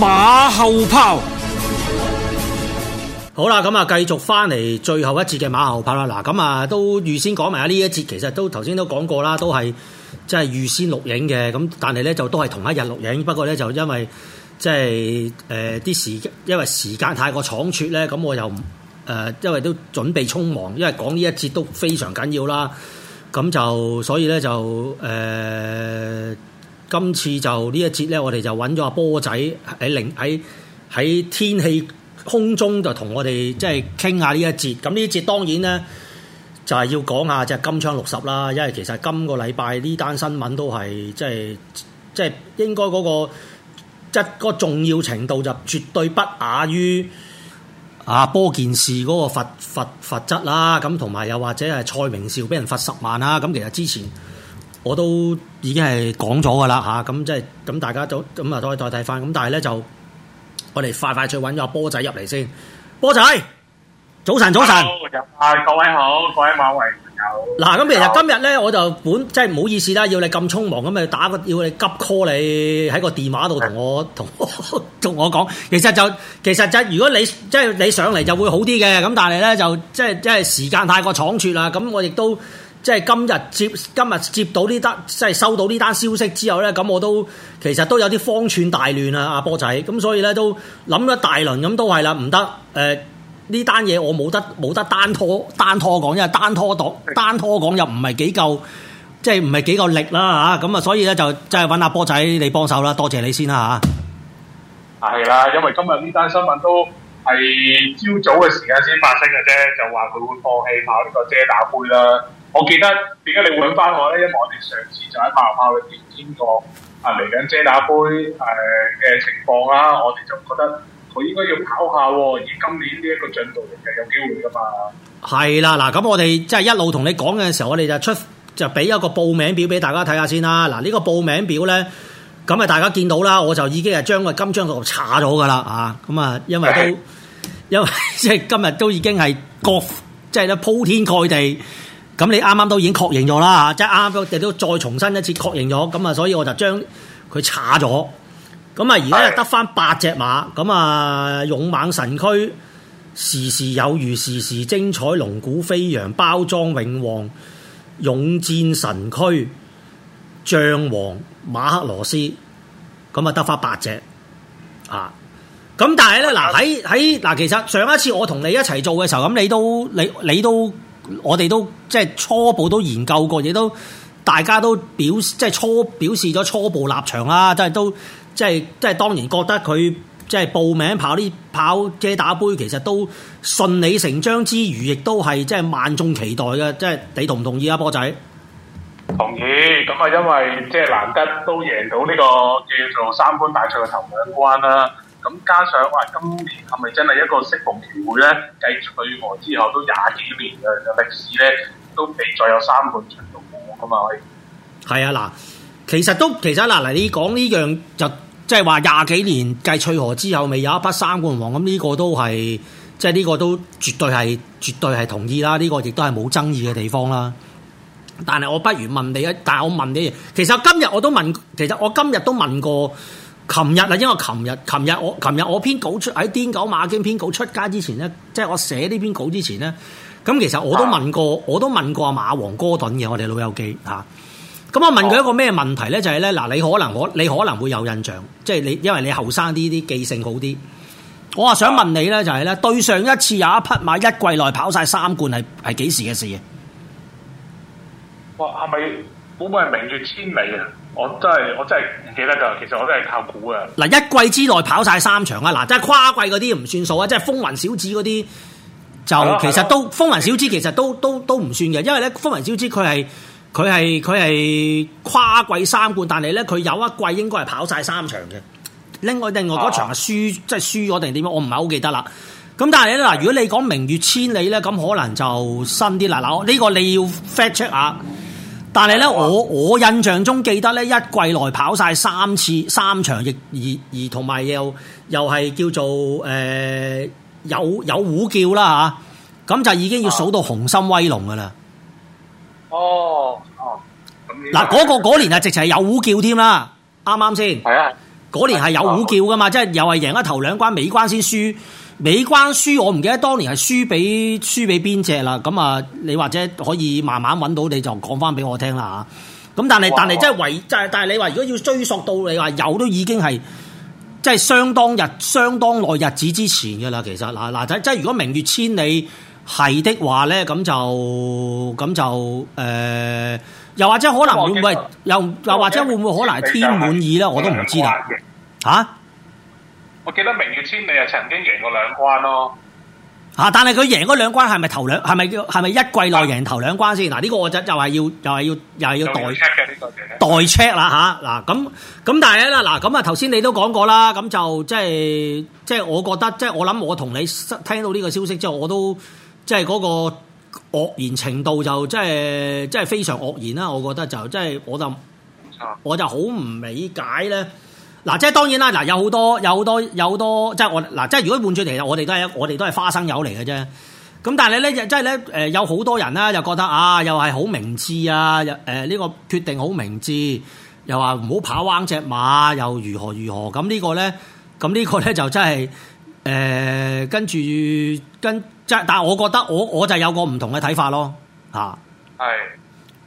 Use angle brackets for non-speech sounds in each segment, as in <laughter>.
馬後炮好啦，咁啊，繼續翻嚟最後一節嘅馬後炮啦。嗱，咁啊，都預先講埋啊，呢一節其實都頭先都講過啦，都係即係預先錄影嘅。咁但係咧就都係同一日錄影，不過咧就因為即係誒啲時，因為時間太過倉促咧，咁我又誒、呃、因為都準備匆忙，因為講呢一節都非常緊要啦，咁就所以咧就誒。呃今次就呢一節呢，我哋就揾咗阿波仔喺凌喺喺天氣空中就同我哋即係傾下呢一節。咁呢一節當然呢，就係、是、要講下即係金槍六十啦，因為其實今個禮拜呢單新聞都係即係即係應該嗰、那個即、就是、個重要程度就絕對不亞於阿、啊、波件事嗰個罰罰罰,罰則啦。咁同埋又或者係蔡明紹俾人罰十萬啦。咁其實之前。我都已經係講咗噶啦嚇，咁即係咁大家都咁啊，都可以代替翻。咁但係咧就我哋快快脆揾咗波仔入嚟先。波仔，早晨，早晨。啊，各位好，各位馬維朋友。嗱，咁其實今日咧，我就本即係唔好意思啦，要你咁匆忙咁啊打個要你急 call 你喺個電話度同我同我同我講。其實就其實就如果你即係你上嚟就會好啲嘅，咁但係咧就即係即係時間太過倉促啦。咁我亦都。即係今日接今日接到呢單，即係收到呢單消息之後呢，咁我都其實都有啲方寸大亂啊，阿波仔。咁所以呢，都諗咗大輪，咁都係啦，唔得、呃。誒呢單嘢我冇得冇得單拖單拖講，因為單拖講單拖講又唔係幾夠，即係唔係幾夠力啦嚇。咁啊，啊，所以呢，就真係揾阿波仔你幫手啦。多謝你先啦嚇。係啦、啊，因為今日呢單新聞都係朝早嘅時間先發生嘅啫，就話佢會放棄跑呢個遮打杯啦。我記得點解你會揾翻我咧？因為我哋上次就喺馬龍校裏邊經過啊，嚟緊遮打杯誒嘅情況啦。我哋就覺得佢應該要跑下，而今年呢一個進度其實有機會噶嘛。係啦，嗱咁我哋即係一路同你講嘅時候，我哋就出就俾一個報名表俾大家睇下先啦。嗱呢個報名表咧，咁啊大家見到啦，我就已經係將個金章嗰度查咗噶啦啊。咁啊，因為都因為即係今日都已經係個即係咧鋪，天蓋地。咁你啱啱都已經確認咗啦，即係啱啱都亦都再重新一次確認咗，咁啊，所以我就將佢查咗。咁啊，而家得翻八隻馬，咁啊，勇猛神驅，時時有餘，時時精彩，龍鼓飛揚，包裝永旺，勇戰神驅，將王馬克羅斯，咁啊，得翻八隻啊。咁但係咧，嗱喺喺嗱，其實上一次我同你一齊做嘅時候，咁你都你你都。你你都我哋都即係初步都研究過，亦都大家都表示，即係初表示咗初步立場啦。即係都即係即係當然覺得佢即係報名跑呢跑遮打杯，其實都順理成章之餘，亦都係即係萬眾期待嘅。即係你同唔同意啊，波仔？同意。咁啊，因為即係難得都贏到呢個叫做三冠大賽嘅頭兩關啦。咁加上話今年係咪真係一個適逢其會咧？繼翠河之後都廿幾年嘅嘅歷史咧，都未再有三冠王咁啊！可以係啊嗱，其實都其實嗱，嚟你講呢樣就即係話廿幾年繼翠河之後未有一匹三冠王。咁呢個都係即係呢個都絕對係絕對係同意啦。呢個亦都係冇爭議嘅地方啦。但係我不如問你一，但係我問你，其實今日我都問，其實我今日都問過。琴日啊，因為琴日，琴日，日我，琴日我編稿出喺《癲狗馬經》編稿出街之前咧，即係我寫呢篇稿之前咧，咁其實我都問過，啊、我都問過阿馬王哥頓嘅，我哋老友記嚇。咁、啊嗯、我問佢一個咩問題咧？就係咧，嗱，你可能我你可能會有印象，即係你因為你後生啲啲記性好啲。我話想問你咧，就係、是、咧，對上一次有一匹馬一季內跑晒三冠係係幾時嘅事啊？哇，係咪好鬼明月千里啊？我真係我真係唔記得㗎，這個，其實我都係靠估啊！嗱，一季之內跑晒三場啊！嗱，即係跨季嗰啲唔算數啊！即係風雲小子嗰啲就的其實都風雲小子其實都都都唔算嘅，因為咧風雲小子佢係佢係佢係跨季三冠，但係咧佢有一季應該係跑晒三場嘅。另外另外嗰場係輸、啊啊、即係輸咗定點樣？我唔係好記得啦。咁但係咧嗱，如果你講明月千里咧，咁可能就新啲啦。嗱、啊，呢、啊啊這個你要 fact check 下。但係咧，我我印象中記得咧，一季內跑晒三次三場，亦而而同埋又又係叫做誒有有呼叫啦吓，咁就已經要數到雄心威龍噶啦。哦哦，嗱，嗰個嗰年啊，直情係有呼叫添啦，啱啱先。嗰年係有虎叫噶嘛，即係又係贏咗頭兩關，尾關先輸，尾關輸我唔記得當年係輸俾輸俾邊隻啦。咁啊，你或者可以慢慢揾到，你就講翻俾我聽啦嚇。咁但係但係真係唯，但係但係你話如果要追溯到你話有都已經係，即係相當日相當耐日子之前嘅啦。其實嗱嗱仔，即係如果明月千里係的話咧，咁就咁就誒。呃又或者可能會唔會又又或者會唔會可能係天滿意咧？我都唔知啦。吓，我記得明月千里又曾經贏過兩關咯。吓、啊，但係佢贏嗰兩關係咪頭兩係咪叫係咪一季內贏頭兩關先？嗱、啊、呢、呢個我就又係要又係、就是、要又係、就是、要代代 check 啦吓。嗱咁咁但係咧嗱咁啊頭先、嗯、你都講過啦，咁就即係即係我覺得即係我諗我同你聽到呢個消息之後，我都即係嗰、嗰個。愕然程度就即係即係非常愕然啦，我覺得就即係我就我就好唔理解咧。嗱、啊，即係當然啦，嗱有好多有好多有好多，即係我嗱即係如果換轉嚟，我哋都係我哋都係花生友嚟嘅啫。咁但係咧，即係咧，誒有好多人咧就覺得啊，又係好明智啊，誒、呃、呢個決定好明智，又話唔好跑彎隻馬，又如何如何咁呢個咧？咁呢個咧就真係。誒，跟住跟即係，但係我覺得我我就有個唔同嘅睇法咯，吓係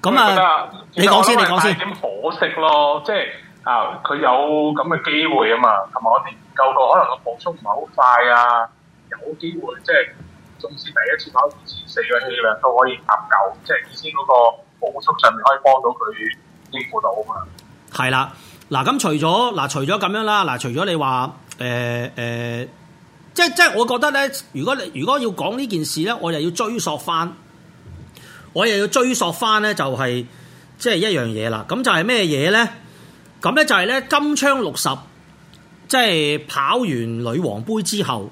咁啊！你講先，你講先，點可惜咯？即係啊，佢有咁嘅機會啊嘛，同埋我哋研究到，可能個步速唔係好快啊，有機會即係，總之第一次跑完前四個氣量都可以壓夠，即係意思嗰個步速上面可以幫到佢應付到啊嘛。係啦，嗱咁除咗嗱，除咗咁樣啦，嗱，除咗你話誒誒。即係即係，我覺得咧，如果你如果要講呢件事咧，我又要追溯翻，我又要追溯翻咧，就係即係一樣嘢啦。咁就係咩嘢咧？咁咧就係咧金槍六十，即係跑完女王杯之後，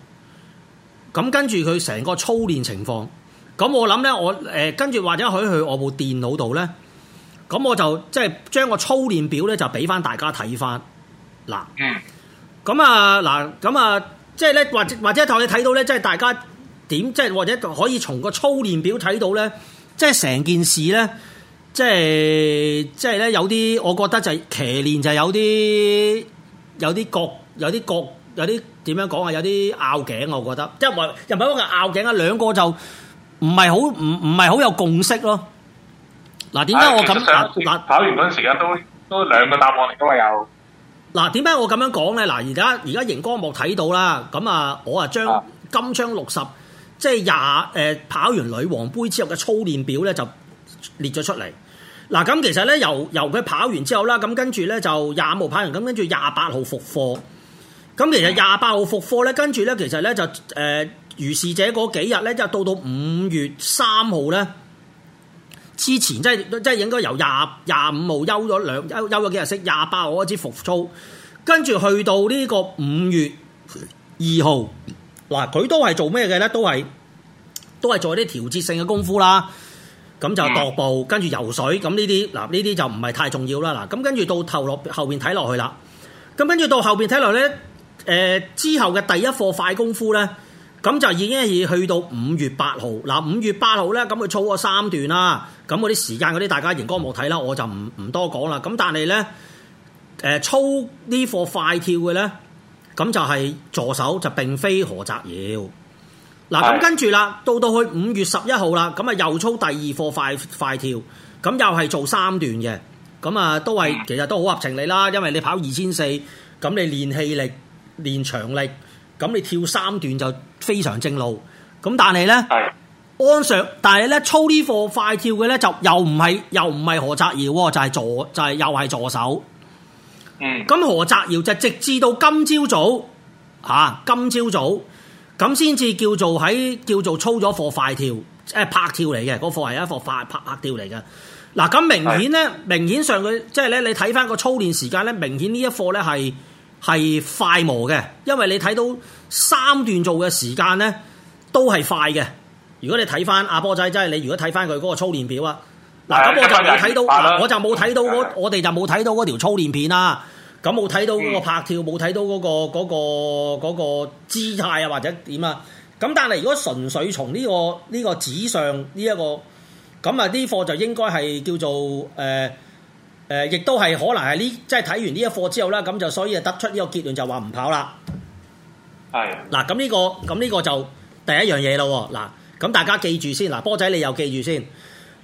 咁跟住佢成個操練情況。咁我諗咧，我誒、呃、跟住或者可以去，去我部電腦度咧，咁我就即係將個操練表咧就俾翻大家睇翻。嗱，咁啊嗱，咁啊。即係咧，或者或者，你睇到咧，即係大家點，即係或者可以從個操練表睇到咧，即係成件事咧，即係即係咧，有啲我覺得就係騎練就有啲有啲各有啲各有啲點樣講啊，有啲拗頸我覺得即係唔又唔係話拗頸啊，兩個就唔係好唔唔係好有共識咯。嗱、啊，點解我咁嗱嗱跑完嗰時間都都兩個答案嚟噶嘛有。嗱，點解我咁樣講咧？嗱，而家而家熒光幕睇到啦，咁啊，我啊將金槍六十即係廿誒跑完女王杯之後嘅操練表咧，就列咗出嚟嗱。咁其實咧，由由佢跑完之後啦，咁跟住咧就廿五號跑完，咁跟住廿八號復課。咁其實廿八號復課咧，跟住咧，其實咧就誒如是者嗰幾日咧，即係到到五月三號咧。之前即係即係應該由廿廿五號休咗兩休休咗幾日息，廿八號開始復操，跟住去到呢個五月二號，嗱佢都係做咩嘅咧？都係都係做啲調節性嘅功夫啦。咁就踱步，跟住游水，咁呢啲嗱呢啲就唔係太重要啦。嗱咁跟住到頭落後邊睇落去啦。咁跟住到後邊睇落咧，誒之後嘅第一課快功夫咧。咁就已經係去到五月八號，嗱五月八號呢，咁佢操咗三段啦，咁嗰啲時間嗰啲大家熒光幕睇啦，我就唔唔多講啦。咁但係呢，誒、呃、操呢課快跳嘅呢，咁就係助手就並非何澤堯。嗱咁是跟住啦，到到去五月十一號啦，咁啊又操第二課快快跳，咁又係做三段嘅，咁啊都係其實都好合情理啦，因為你跑二千四，咁你練氣力、練長力。咁你跳三段就非常正路，咁但係呢，的安 Sir。但係呢，操呢課快跳嘅呢，就又唔係又唔係何澤堯、哦，就係、是、助就係、是就是、又係助手。嗯，咁何澤堯就直至到今朝早吓、啊，今朝早咁先至叫做喺叫做操咗課快跳，誒、啊、拍跳嚟嘅，嗰課係一課快拍拍跳嚟嘅。嗱咁明顯呢，的明顯上佢即係咧，你睇翻個操練時間呢，明顯呢一課呢係。係快磨嘅，因為你睇到三段做嘅時間呢都係快嘅。如果你睇翻阿波仔，真係你如果睇翻佢嗰個操練表 <noise> 啊，嗱咁我就冇睇到，我就冇睇到我哋就冇睇到嗰、那、條、個、操練片啦。咁冇睇到嗰個拍跳，冇睇到嗰、那個嗰、那個那個、姿態啊，或者點啊？咁但係如果純粹從呢、這個呢、這個紙上呢一、這個咁啊，啲貨就應該係叫做誒。呃誒，亦都係可能係呢，即係睇完呢一課之後啦，咁就所以就得出呢個結論，就話唔跑啦。係、哎呀。嗱、啊，咁呢、呢個，咁呢個就第一樣嘢咯。嗱、啊，咁大家記住先。嗱、啊，波仔你又記住先。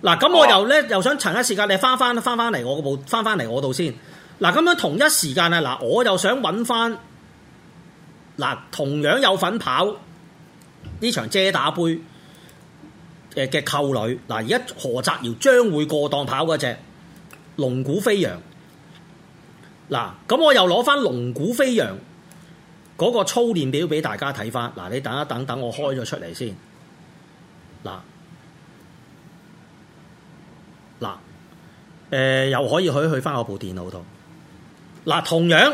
嗱、啊，咁我又咧又想同一時間，你翻翻翻翻嚟我部翻翻嚟我度先。嗱，咁樣同一時間咧，嗱，我又想揾翻嗱同樣有份跑呢場遮打杯誒嘅扣女。嗱、啊，而家何澤堯將會過檔跑嗰隻。龍股飛揚，嗱咁我又攞翻龍股飛揚嗰個操練表俾大家睇翻，嗱你等一等，等我開咗出嚟先，嗱嗱，誒、呃、又可以去去翻我部電腦度，嗱同樣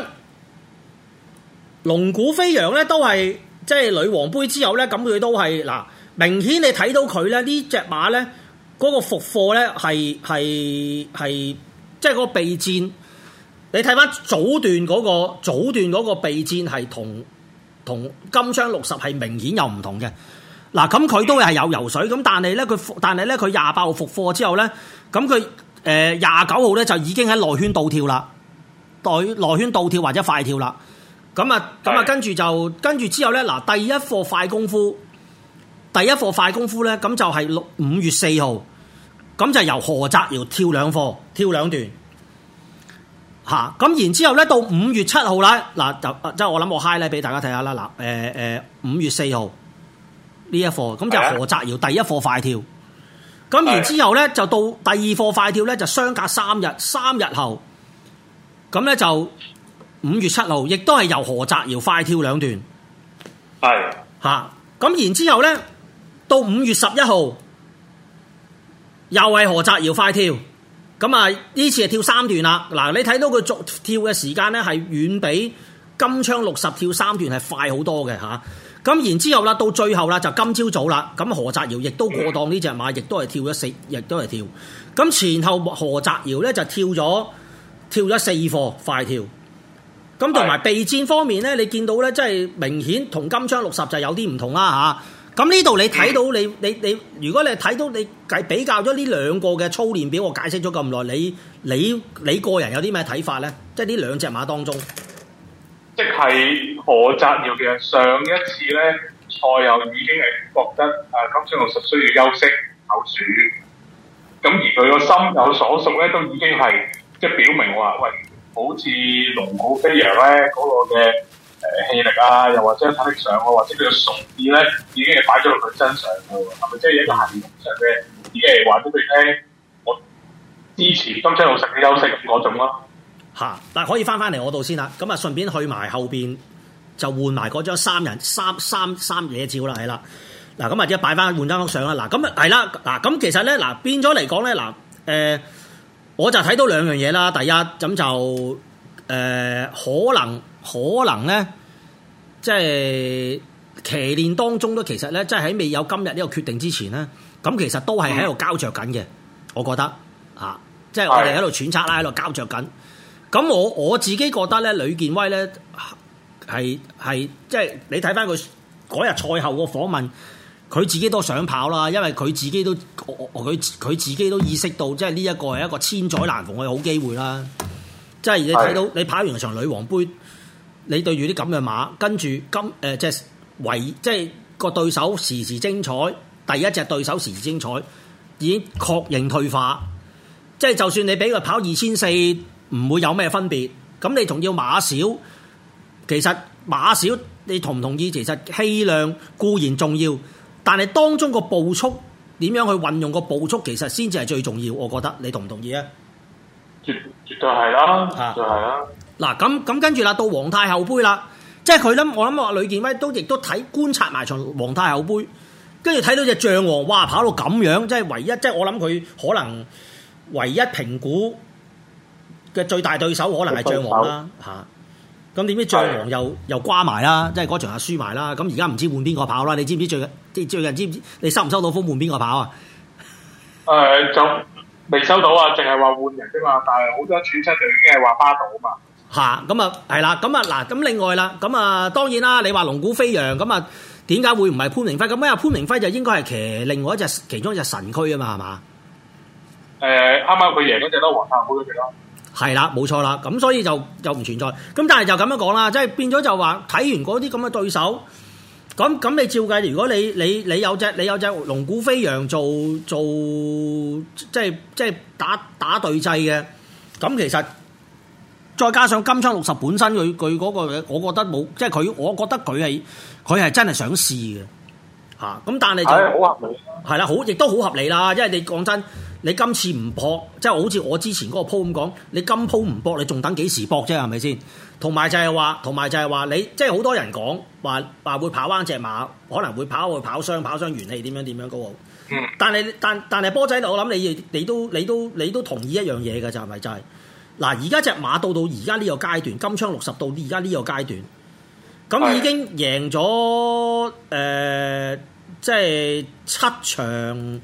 龍股飛揚咧都係即係女王杯之後咧，咁佢都係嗱明顯你睇到佢咧呢隻馬咧嗰、那個復課咧係係係。即係個備戰，你睇翻早段嗰個，早段嗰個備戰係同同金槍六十係明顯有唔同嘅。嗱，咁佢都係有游水，咁但係咧佢，但係咧佢廿八號復課之後咧，咁佢誒廿九號咧就已經喺內圈倒跳啦，內內圈倒跳或者快跳啦。咁啊，咁啊對，跟住就跟住之後咧，嗱，第一課快功夫，第一課快功夫咧，咁就係六五月四號。咁就由何澤堯跳兩課跳兩段，吓、啊、咁然之後咧到五月七號啦，嗱、啊、就即係我諗我 highlight 咧俾大家睇下啦，嗱誒誒五月四號呢一課，咁就、哎、呀係何澤堯第一課快跳，咁、哎、呀然之後咧就到第二課快跳咧就相隔三日，三日後咁咧、啊、就五月七號，亦都係由何澤堯快跳兩段，係吓咁然之後咧到五月十一號。又係何澤堯快跳，咁啊呢次係跳三段啦。嗱，你睇到佢逐跳嘅時間咧，係遠比金槍六十跳三段係快好多嘅嚇。咁然之後啦，到最後啦，就今朝早啦，咁何澤堯亦都過檔呢隻馬，亦都係跳咗四，亦都係跳。咁前後何澤堯咧就跳咗跳咗四課快跳。咁同埋備戰方面咧，你見到咧，即係明顯同金槍六十就有啲唔同啦嚇。咁呢度你睇到你你你，如果你睇到你計比較咗呢兩個嘅操練表，我解釋咗咁耐，你你你個人有啲咩睇法咧？即係呢兩隻馬當中，即係何澤堯嘅上一次咧賽又已經係覺得啊金鎗六十需要休息考選，咁而佢個心有所屬咧都已經係即係表明話喂，好似龍虎飛揚咧嗰個嘅。誒氣力啊，又或者睇啲相喎，或者佢嘅傻子咧已經係擺咗落佢身上嘅喎，啊，係咪即係一個閒言無實嘅？啲嘢話俾佢聽，我支持金青老師休息嗰種咯，啊啊。但嗱，可以翻翻嚟我度先啦。咁啊，順便去埋後邊就換埋嗰張三人三三三嘢照啦，係啦。嗱，咁啊，即係擺翻換張相啦。嗱，咁啊，係啦。嗱，咁其實咧，嗱，變咗嚟講咧，嗱，誒，我就睇到兩樣嘢啦。第一，咁就誒，呃、可能。可能咧，即係騎練當中都其實咧，即係喺未有今日呢個決定之前咧，咁其實都係喺度交着緊嘅。我覺得啊，即係、嗯、我哋喺度揣測啦，喺度交着緊。咁我我自己覺得咧，呂健威咧係係即係你睇翻佢嗰日賽後個訪問，佢自己都想跑啦，因為佢自己都佢佢、喔、自己都意識到，即係呢一個係一個千載難逢嘅好機會啦。即係你睇到你跑完場女王杯。你對住啲咁嘅馬，跟住今誒即係為即係個對手時時精彩，第一隻對手時時精彩已經確認退化，即係就算你俾佢跑二千四，唔會有咩分別。咁你仲要馬少，其實馬少你同唔同意？其實氣量固然重要，但係當中個步速點樣去運用個步速，其實先至係最重要。我覺得你同唔同意啊？絕絕對係啦，絕對係啦。啊嗱咁咁跟住啦，到皇太后杯啦，即係佢諗我諗話呂健威都亦都睇觀察埋場皇太后杯，跟住睇到隻象王，哇，跑到咁樣，即係唯一即係我諗佢可能唯一評估嘅最大對手可能係象手王啦嚇。咁點、啊、知象王又又瓜埋啦，即係嗰場又輸埋啦。咁而家唔知換邊個跑啦？你知唔知最近即係最近知唔知你收唔收到風換邊個跑啊？誒、呃、就未收到啊，淨係話換人啫嘛。但係好多傳出就已經係話巴度啊嘛。嚇，咁啊，係啦，咁啊嗱，咁另外啦，咁啊當然啦，你話龍鼓飛揚咁啊，點解會唔係潘明輝？咁啊潘明輝就應該係騎另外一隻其中一隻神區啊嘛，係嘛？誒、欸，啱啱佢贏嗰隻咯，哇！好多隻咯，係啦，冇錯啦，咁所以就就唔存在。咁但係就咁樣講啦，即、就、係、是、變咗就話睇完嗰啲咁嘅對手，咁咁你照計，如果你你你有隻你有隻龍鼓飛揚做做，做即係即係打打對制嘅，咁其實。再加上金槍六十本身佢佢嗰個，我覺得冇，即係佢，我覺得佢係佢係真係想試嘅，吓、啊、咁但係就係、哎、好合理，係啦，好亦都好合理啦。因為你講真，你今次唔搏，即、就、係、是、好似我之前嗰個鋪咁講，你今鋪唔搏，你仲等幾時搏啫？係咪先？同埋就係話，同埋就係話，你即係好多人講話話會跑彎隻馬，可能會跑去跑傷，跑傷元氣，點樣點樣嗰個。但係但但係波仔，我諗你你都你都，你都，你，都你都同意一樣嘢嘅，就係咪就係？嗱，而家隻馬到到而家呢個階段，金槍六十到而家呢個階段，咁已經贏咗誒，即係七場，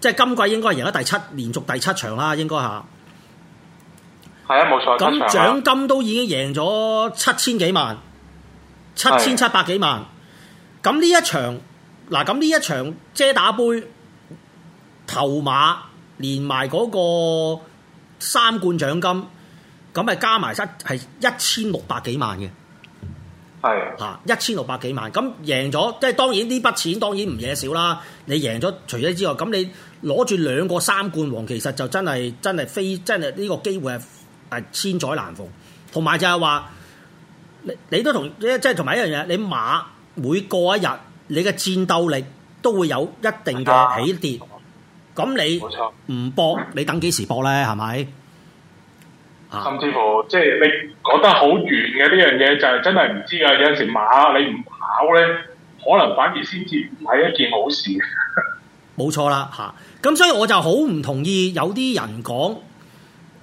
即係今季應該係贏咗第七連續第七場啦，應該吓。係那場啊，冇錯。咁獎金都已經贏咗七千幾萬，七千七百幾萬。咁呢是的 一場，嗱、呃，咁呢一場遮、呃、打杯頭馬連埋嗰、那個。三冠獎金，咁咪加埋一係一千六百幾萬嘅，係吓一千六百幾萬。咁贏咗即係當然呢筆錢當然唔嘢少啦。你贏咗除咗之外，咁你攞住兩個三冠王，其實就真係真係非真係呢個機會係係千載難逢。同埋就係話，你你都同即即同埋一樣嘢，你馬每過一日，你嘅戰鬥力都會有一定嘅起跌。咁你唔搏，你等幾時搏咧？係咪？甚至乎，即係你講得好遠嘅呢樣嘢，就係真係唔知噶。有陣時馬你唔跑咧，可能反而先至唔係一件好事。冇錯啦，吓、啊。咁所以我就好唔同意有啲人講，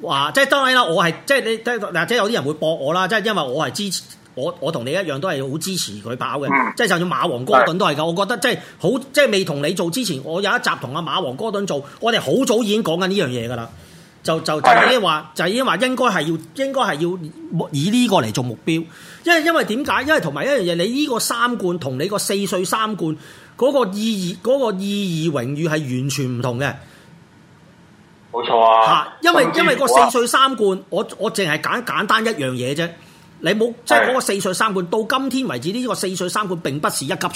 哇即係當然啦，我係即係你，即係有啲人會駁我啦，即係因為我係支持。我我同你一樣都係好支持佢跑嘅，嗯、即係就算馬王哥頓都係㗎。的我覺得即係好即係未同你做之前，我有一集同阿馬王哥頓做，我哋好早已經講緊呢樣嘢噶啦。就就就已經話就已經話應該係要應該係要以呢個嚟做目標，因為因為點解？因為同埋一樣嘢，你呢個三冠同你個四歲三冠嗰、嗰個意義嗰、嗰個意義榮譽係完全唔同嘅。冇錯啊！嚇為至，因為因為個四歲三冠，我我淨係揀簡單一樣嘢啫。你冇即係嗰個四歲三冠到今天為止呢個四歲三冠並不是一級賽，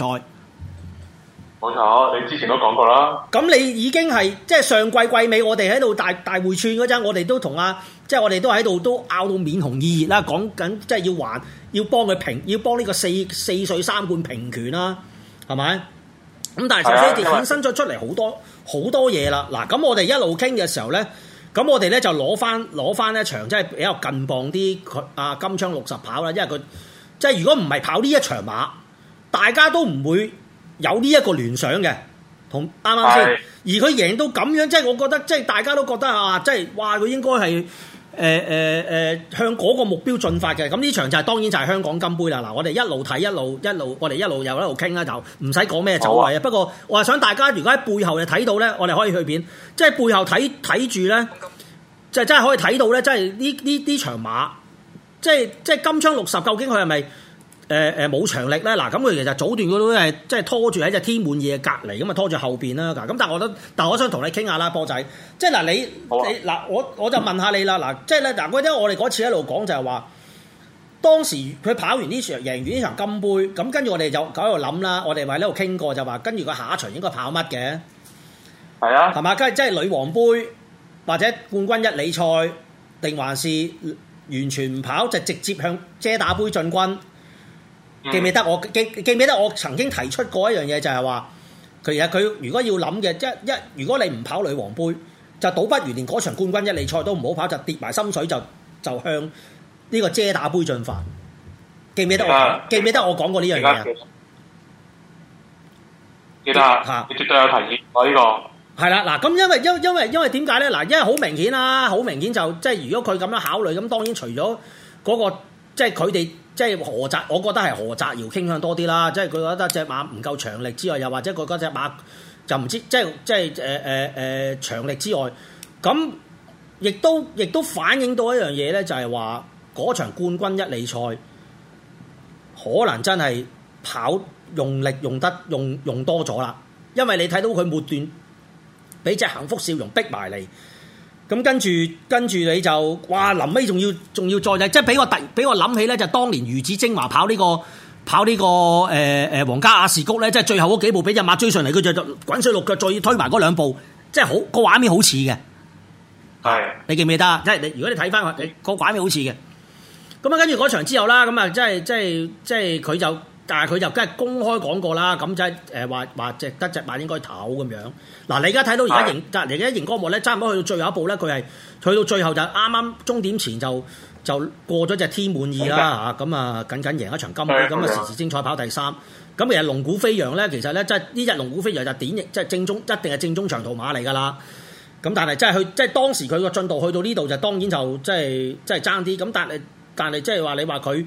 冇錯。你之前都講過啦。咁你已經係即係上季季尾我，我哋喺度大大會串嗰陣，我哋都同阿即係我哋都喺度都拗到面紅耳熱啦，講緊即係要還要幫佢平，要幫呢個四四歲三冠平權啦、啊，係咪？咁但係首先衍生咗出嚟好多好多嘢啦。嗱，咁我哋一路傾嘅時候咧。咁我哋咧就攞翻攞翻一場，即係比較近磅啲。佢啊金槍六十跑啦，因為佢即係如果唔係跑呢一場馬，大家都唔會有呢一個聯想嘅，同啱啱先？而佢贏到咁樣，即係我覺得，即係大家都覺得啊，即係哇，佢應該係。誒誒誒，向嗰個目標進發嘅，咁呢場就係當然就係香港金杯啦。嗱，我哋一路睇一路一路，我哋一路又一路傾啦，就唔使講咩走位啊。不過我話想大家如果喺背後就睇到咧，我哋可以去片，即係背後睇睇住咧，就真係可以睇到咧，即係呢呢呢場馬，即係即係金槍六十，究竟佢係咪？誒誒冇長力咧，嗱咁佢其實早段嗰種係即係拖住喺隻天滿夜隔籬咁啊拖住後邊啦，咁但係我覺但係我想同你傾下啦，波仔，即係嗱你嗱、啊、我我就問下你啦，嗱即係咧嗱因為我哋嗰次一路講就係話，當時佢跑完呢場贏完呢場金杯，咁跟住我哋就喺度諗啦，我哋咪喺度傾過就話，跟住佢下一場應該跑乜嘅？係啊，係嘛？跟住即係女王杯或者冠軍一哩賽，定還，還是完全唔跑就直接向遮打，打杯進軍？記唔記得我記記唔記得我曾經提出過一樣嘢，就係話其實佢如果要諗嘅，即一，如果你唔跑女王杯，就倒不如連嗰場冠軍一哩賽都唔好跑，就跌埋心水，就就向呢個遮打杯進發。記唔記得我在記唔記得我講過呢樣嘢？記得嚇，你絕對有提議我。呢個係啦，嗱，咁因為因因為因為點解咧？嗱因為好明顯啦、啊、好明顯就即係如果佢咁樣考慮咁當然除咗嗰、那個即係佢哋。即係何澤，我覺得係何澤堯傾向多啲啦。即係佢覺得隻馬唔夠長力之外，又或者佢覺得隻馬就唔知，即係即係誒誒誒長力之外。咁亦都亦都反映到一樣嘢咧，就係話嗰場冠軍一哩賽可能真係跑用力用得用用多咗啦，因為你睇到佢末段俾隻幸福笑容逼埋嚟。咁跟住跟住你就哇！臨尾仲要仲要再即係俾我突俾我諗起咧，就是、當年魚子精華跑呢個跑呢個誒誒皇家雅士谷咧，即係最後嗰幾步俾隻馬追上嚟，佢就滾水淥腳，再推埋嗰兩步，即係好個畫面好似嘅。係是你記唔記得？即係你如果你睇返個個畫面好似嘅，咁啊、嗯、跟住嗰場之後啦，咁啊即係即係即係佢就。但係佢就梗係公開講過啦，咁就係誒話話隻德隻馬應該唞咁樣。嗱，你而家睇到而家贏隔離嘅熒光幕咧，差唔多去到最後一步咧，佢係去到最後就啱啱終點前就就過咗隻天滿意啦嚇，咁的啊僅僅贏一場金杯咁啊時時精彩跑第三。咁誒的龍鼓飛揚咧，其實咧即係呢隻龍鼓飛揚就典型，即係正中，一定係正宗長途馬嚟㗎啦。咁但係即係佢即係當時佢個進度去到呢度就當然就即係即係爭啲。咁但係但係即係話你話佢。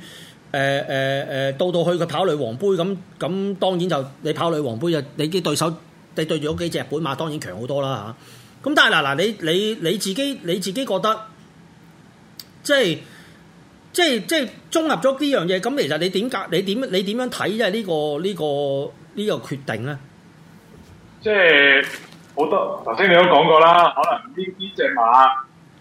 誒誒誒，到到去佢跑女王杯咁咁，嗯嗯，當然就你跑女王杯就你嘅對手，你對住嗰幾隻本馬，當然強好多啦吓。咁、啊、但係嗱嗱，你你你自己你自己覺得，即係即係即係綜合咗呢樣嘢，咁其實你點解你點你點樣睇即係呢個呢、呢個呢、呢個決定咧？即係好多頭先你都講過啦，可能呢呢隻馬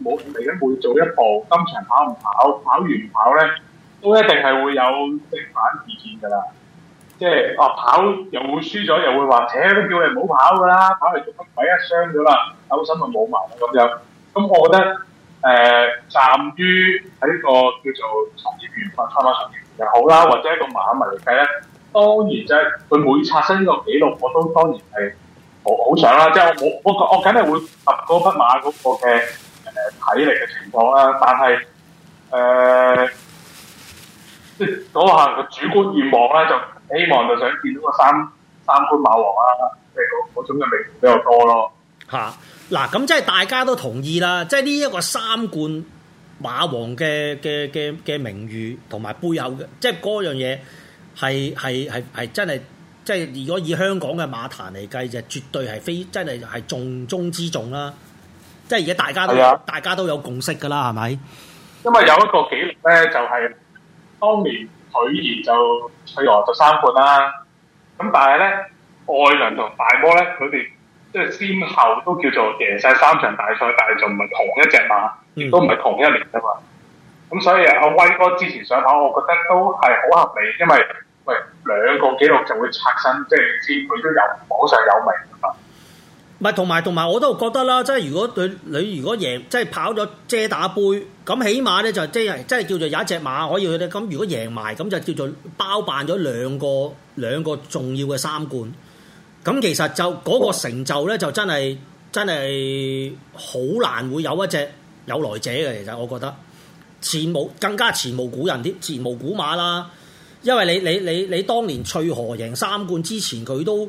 冇嚟緊會做一步，今場跑唔跑，跑完跑咧？都一定係會有正反意見㗎啦，即係哦、啊、跑又會輸咗，又會話，扯都叫你唔好跑㗎啦，跑嚟做乜鬼啊傷咗啦，扭身就冇埋咁樣。咁、嗯、我覺得誒、呃，暫於喺呢個叫做從業緣份差唔多上面又好啦，或者一個馬迷嚟計咧，當然即係佢每刷新呢個紀錄，我都當然係好好想啦。即係我冇我我梗係會測嗰匹馬嗰個嘅誒、呃、體力嘅情況啦，但係誒。呃嗰個客主觀願望咧，就希望就想見到個三三冠馬王啦，即係嗰種嘅名譽比較多咯。嚇、啊！嗱，咁即係大家都同意啦，即係呢一個三冠馬王嘅嘅嘅嘅名譽同埋背後嘅，即係嗰樣嘢係係係係真係，即係如果以香港嘅馬壇嚟計，就絕對係非真係係重中之重啦。即係而家大家都、啊、大家都有共識噶啦，係咪？因為有一個紀錄咧，就係、是。當年許賢就翠娥就三冠啦，咁但係咧，外人同大哥咧，佢哋即係先後都叫做贏晒三場大賽，但係就唔係同一隻馬，都唔係同一年㗎嘛。咁、嗯、所以阿威哥之前上跑，我覺得都係好合理，因為喂兩個紀錄就會刷新，即係知佢都有榜上有名㗎嘛。唔係，同埋同埋，我都覺得啦，即係如果對你，你如果贏，即係跑咗遮打杯，咁起碼咧就即係即係叫做有一隻馬可以去。咁如果贏埋，咁就叫做包辦咗兩個兩個重要嘅三冠。咁其實就嗰個成就咧，就真係真係好難會有一隻有來者嘅。其實我覺得前無更加前無古人啲前無古馬啦，因為你你你你當年翠河贏三冠之前，佢都。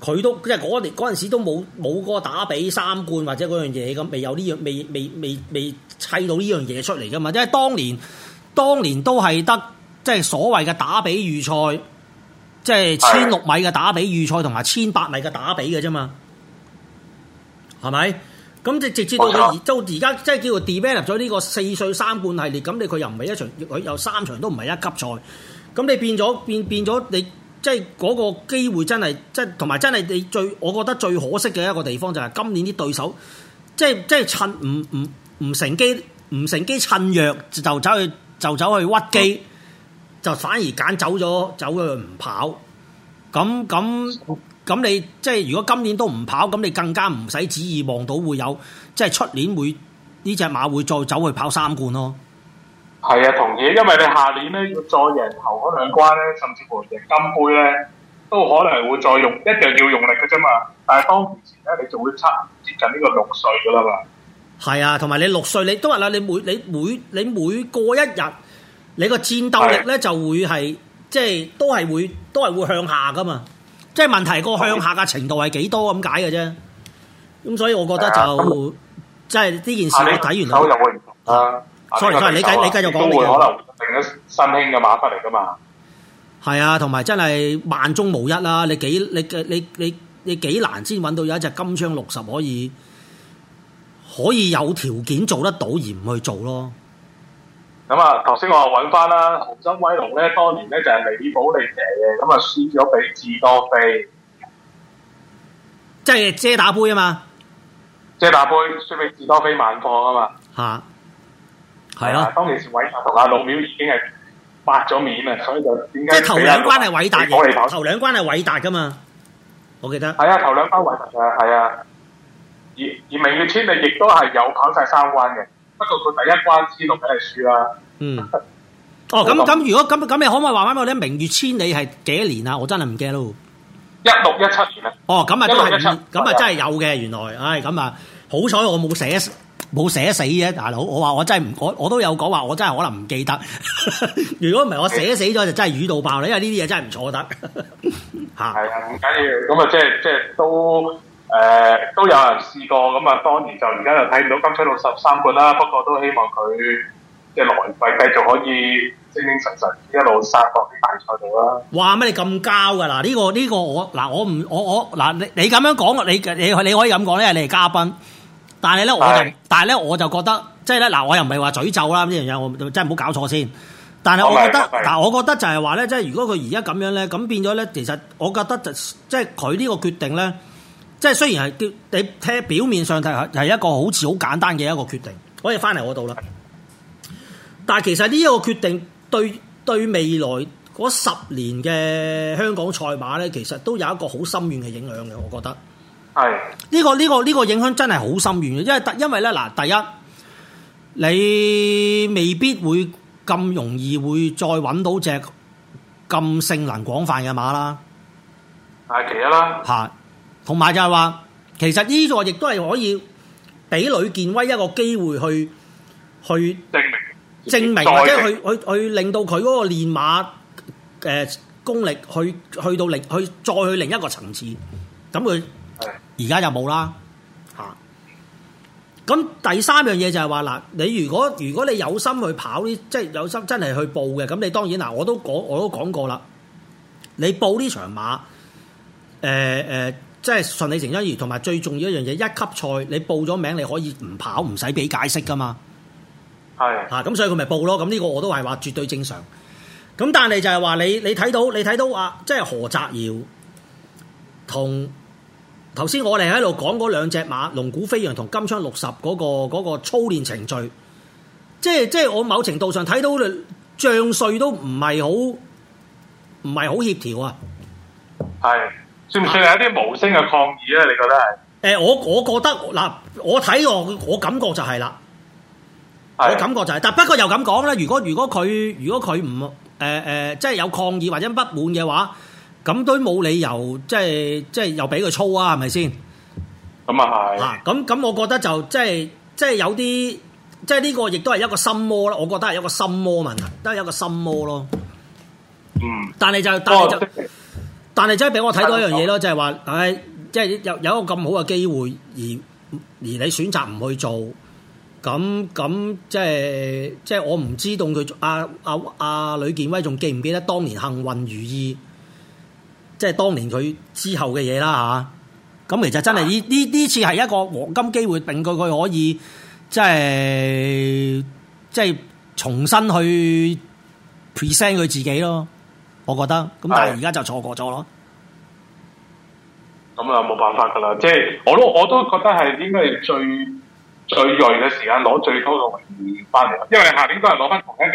佢都即係我哋嗰時都冇冇嗰個打比三冠或者嗰樣嘢咁，未有呢樣未未未未未砌到呢樣嘢出嚟噶嘛？即係當年當年都係得即係所謂嘅打比預賽，即係千六米嘅打比預賽同埋千八米嘅打比嘅啫嘛，係咪？咁即直至到佢而就而家即係叫做 develop 咗呢個四歲三冠系列，咁你佢又唔係一場，佢有三場都唔係一級賽，咁你變咗變變咗你。即係嗰個機會真係，即係同埋真係你最，我覺得最可惜嘅一個地方就係今年啲對手，即係即係趁唔唔唔乘機，唔乘機趁弱就走去就走去屈機，就反而揀走咗走去唔跑。咁咁咁你即係如果今年都唔跑，咁你更加唔使旨意望到會有，即係出年會呢隻馬會再走去跑三冠咯。係啊，同意，因為你下年咧要再贏頭嗰兩關咧，甚至乎贏金杯咧，都可能會再用，一定要用力嘅啫嘛。但係當前咧，你仲會差接近呢個六歲噶啦嘛。係啊，同埋你六歲，你都話啦，你每你每你每，你每過一日，你個戰鬥力咧、啊、就會係，即係都係會都係會，會向下噶嘛。即係問題個、啊、向下嘅程度係幾多咁解嘅啫。咁、嗯、所以我覺得就即係呢件事你睇完，手又會啊。sorry，sorry，、啊、你繼、啊、你繼續講，你可能定咗新興嘅馬法嚟噶嘛？係啊，同埋真係萬中無一啦、啊！你幾你嘅你你你，你幾難先揾到有一隻金槍六十可以可以有條件做得到而唔去做咯？咁啊，頭先我又揾翻啦，紅針威龍咧，當年咧就係迷你寶利騎嘅，咁啊輸咗俾志多飛，即係遮打杯啊嘛，遮打杯輸俾志多飛慢放啊嘛，吓、啊。係咯，係啊、當年是偉達同阿六秒已經係白咗面啊，所以就點解即係頭兩關係偉達嘅？頭兩關係偉達噶嘛？我記得係啊，頭兩關偉達啊，係啊。而而明月千里亦都係有跑晒三關嘅，不過佢第一關之路真係輸啦。嗯，哦，咁咁如果咁咁，你可唔可以話翻俾我聽？明月千里係幾多年啊？我真係唔記得咯。一六一七年啊。哦，咁啊都係，咁啊真係有嘅。原來，唉、哎，咁、嗯、啊，嗯、好彩我冇寫。冇寫死嘅大佬，我話我真係唔，我我都有講話，我真係可能唔記得。 <laughs> 如果唔係我寫死咗，就真係語倒爆你。因為呢啲嘢真係唔錯得。係 <laughs> 啊，唔緊要，咁啊，即係即係都誒、呃，都有人試過。咁、嗯、啊，當然就而家就睇唔到金靴六十三冠啦。不過都希望佢即係落嚟季繼續可以精精神神一路殺落啲大賽度啦。話乜你咁交噶？嗱，呢、這個呢、這個我嗱，我唔我我嗱，你你咁樣講，你你你可以咁講咧，你係嘉賓。但係咧，我就是的 但係咧，我就覺得即係咧嗱，我又唔係話詛咒啦呢樣嘢，我真係唔好搞錯先。但係我覺得，嗱，我覺得就係話咧，即係如果佢而家咁樣咧，咁變咗咧，其實我覺得就即係佢呢個決定咧，即係雖然係叫你聽表面上睇係係一個好似好簡單嘅一個決定，可以翻嚟我度啦。是的 但係其實呢一個決定對對未來十年嘅香港賽馬咧，其實都有一個好深遠嘅影響嘅，我覺得。係呢個呢個呢個影響真係好深遠，因為特因為咧嗱，第一，你未必會咁容易會再揾到隻咁性能廣泛嘅馬啦。係，其一啦。吓，同埋就係話，其實呢個亦都係可以俾呂健威一個機會去去證明或者去去去令到佢嗰個練馬嘅功力去去到另去再去另一個層次，咁佢。而家又冇啦，嚇！咁第三樣嘢就係話嗱，你如果如果你有心去跑呢，即係有心真係去報嘅，咁你當然嗱，我都講我都講過啦，你報呢場馬，誒誒，即係順理成章而同埋最重要一樣嘢，一級賽你報咗名你可以唔跑，唔使俾解釋噶嘛，係嚇，咁所以佢咪報咯，咁呢個我都係話絕對正常。咁但係就係話你你睇到你睇到啊，即係何澤堯同。頭先我哋喺度講嗰兩隻馬龍股飛揚同金槍六十嗰個、嗰個操練程序，即係即係我某程度上睇到你賬稅都唔係好唔係好協調啊。係算唔算係一啲無聲嘅抗議咧？你覺得係？誒、呃，我我覺得嗱、呃，我睇落我感覺就係啦，我感覺就係、係嘅就係，但不過又咁講咧，如果如果佢如果佢唔誒誒，即係有抗議或者不滿嘅話。咁都冇理由，即係即係又俾佢操啊？係咪先？咁 <noise> 啊係。咁咁、即係即係，我覺得就即係即係有啲，即係呢個亦都係一個心魔啦。我覺得係一個心魔問題，都係一個心魔咯。嗯。但係就但係就，但係真係俾我睇到一樣嘢咯，就係話，唉，即係有有一個咁好嘅機會，而而你選擇唔去做，咁咁即係即係我唔知道佢阿阿阿呂健威仲記唔記得當年幸運如意？即係當年佢之後嘅嘢啦嚇，咁、啊、其實真係呢呢呢次係一個黃金機會，令佢佢可以即係即係重新去 present 佢自己咯。我覺得，咁但係而家就錯過咗咯。咁啊冇辦法噶啦，即係我都我都覺得係應該係最最銳嘅時間攞最多嘅榮譽翻嚟，因為下年都係攞翻同一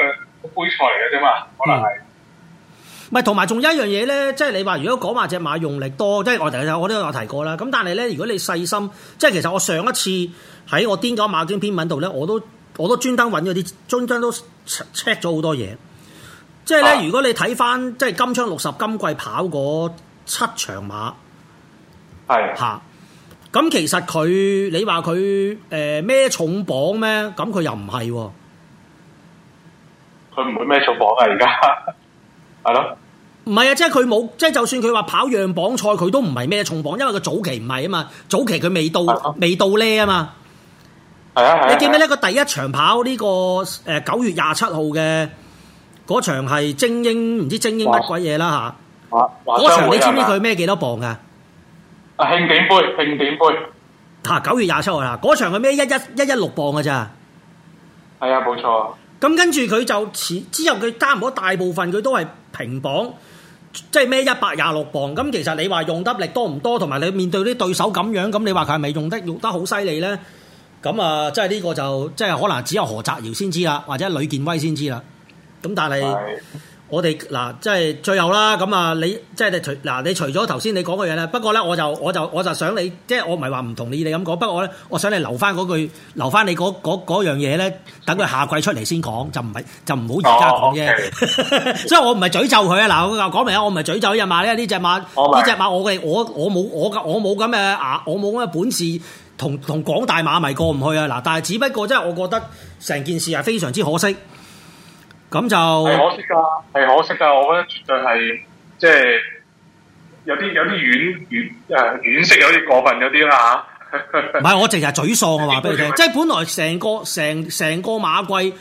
個杯賽嚟嘅啫嘛，可能係。嗯同埋仲有一樣嘢咧，即係你話如果講話隻馬用力多，即係我哋我都有提過啦。咁但係咧，如果你細心，即係其實我上一次喺我癲咗馬經篇文度咧，我都我都專登揾咗啲，專登都 check 咗好多嘢。即係咧，啊、如果你睇返即係金槍六十今季跑過七場馬，係嚇的，咁、啊、其實佢你話佢誒孭重磅咩？咁佢又唔係、啊，佢唔會孭重磅啊！而家係咯。 <laughs> 唔係啊，即係佢冇，即係就算佢話跑讓磅賽，佢都唔係咩重磅，因為佢早期唔係啊嘛，早期佢未到、啊、未到呢啊嘛。係啊係、啊、你記唔記得個第一場跑呢、這個誒九、呃、月廿七號嘅嗰場係精英唔知精英乜鬼嘢啦吓？嗰場你知唔知佢咩幾多磅噶？啊慶典杯，慶典杯。吓？九月廿七號啊，嗰場係咩一一一一六磅噶咋？係啊，冇錯。咁跟住佢就似之後佢加唔到大部分，佢都係平磅。即係咩一百廿六磅，咁其實你話用得力多唔多，同埋你面對啲對手咁樣，咁你話佢係咪用得用得好犀利呢？咁啊，即係呢個就即係可能只有何澤堯先知啦，或者呂建威先知啦。咁但係。我哋嗱，即係 <music> 最後啦，咁啊，你即係你除嗱，你除咗頭先你講嘅嘢咧，不過咧，我就我就我就想你，即係我唔係話唔同你哋咁講，不過咧，我想你留翻嗰句，留翻你嗰樣嘢咧，等佢下季出嚟先講，就唔係就唔好而家講啫。Oh, okay. <laughs> 所以我唔係詛咒佢啊，嗱，講明啊，我唔係詛咒呢隻馬咧，呢隻馬呢隻馬，oh, no. 隻馬我我我冇我我冇咁嘅啊，我冇咁嘅本事同同廣大馬迷過唔去啊，嗱，但係只不過即係我覺得成件事係非常之可惜。咁就可惜噶，係可惜噶，我覺得絕對係即係有啲有啲軟軟誒軟式有啲過分，有啲啦嚇。唔係， <laughs> 我成日沮喪啊，話俾你聽， <laughs> 即係本來成個成成個馬季，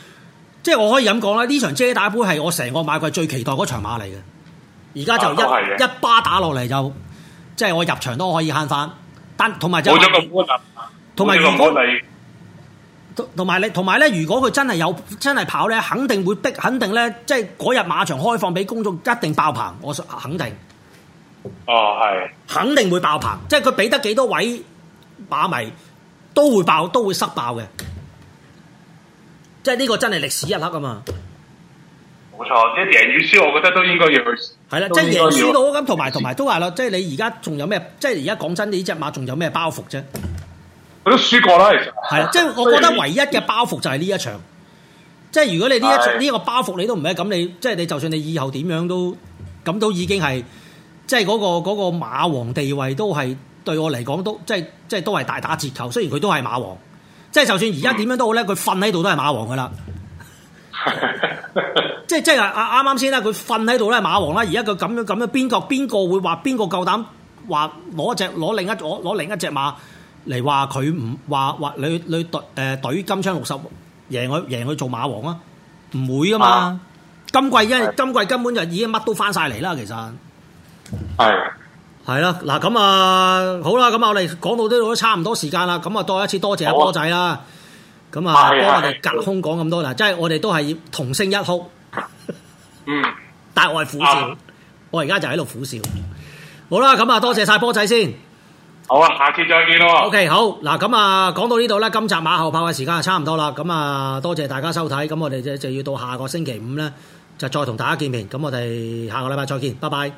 即係我可以咁講啦。呢場遮打杯係我成個馬季最期待嗰場馬嚟嘅，而家就一、啊、一巴打落嚟就即係我入場都可以慳翻，但同埋就同埋而我。同埋你，同埋咧，如果佢真係有真係跑咧，肯定會逼，肯定咧，即係嗰日馬場開放俾公眾，一定爆棚，我肯定。哦，係。肯定會爆棚，即係佢俾得幾多位馬迷都會爆，都會塞爆嘅。即係呢個真係歷史一刻啊嘛！冇錯，即係贏輸，我覺得都應該要去。係啦了，即係贏輸到咁，同埋同埋都話啦，即係你而家仲有咩？即係而家講真，你呢隻馬仲有咩包袱啫？我都輸過啦，其實係啦，即係我覺得唯一嘅包袱就係呢一場，即係如果你呢一呢個包袱你都唔係咁，你即係你就算你以後點樣都咁都已經係，即係嗰個嗰個馬王地位都係對我嚟講都即係即係都係大打折扣。雖然佢都係馬王，即係就算而家點樣都好咧，佢瞓喺度都係馬王噶啦。即係即係啊！啱啱先咧，佢瞓喺度咧，馬王啦。而家佢咁樣咁樣，邊個邊個會話邊個夠膽話攞隻攞另一攞攞另一隻馬？嚟話佢唔話話你你懟誒懟金槍六十贏去贏去做馬王啊？唔會噶嘛？今季因為是的 今季根本就已經乜都翻晒嚟啦，其實係係啦。嗱咁是的 啊，好啦，咁我哋講到呢度都差唔多時間啦。咁啊，多一次多謝阿波仔啦。咁好啊，啊，幫我哋隔空講咁多嗱，是的 即係我哋都係同聲一哭。嗯，但，但係、啊、我係苦笑，我而家就喺度苦笑。好啦，咁啊，多謝晒波仔先。好啊，下次再見咯。OK，好，嗱，咁啊，講到呢度啦，今集馬後炮嘅時間就差唔多啦。咁啊，多謝大家收睇。咁我哋就要到下個星期五呢，就再同大家見面。咁我哋下個禮拜再見，拜拜。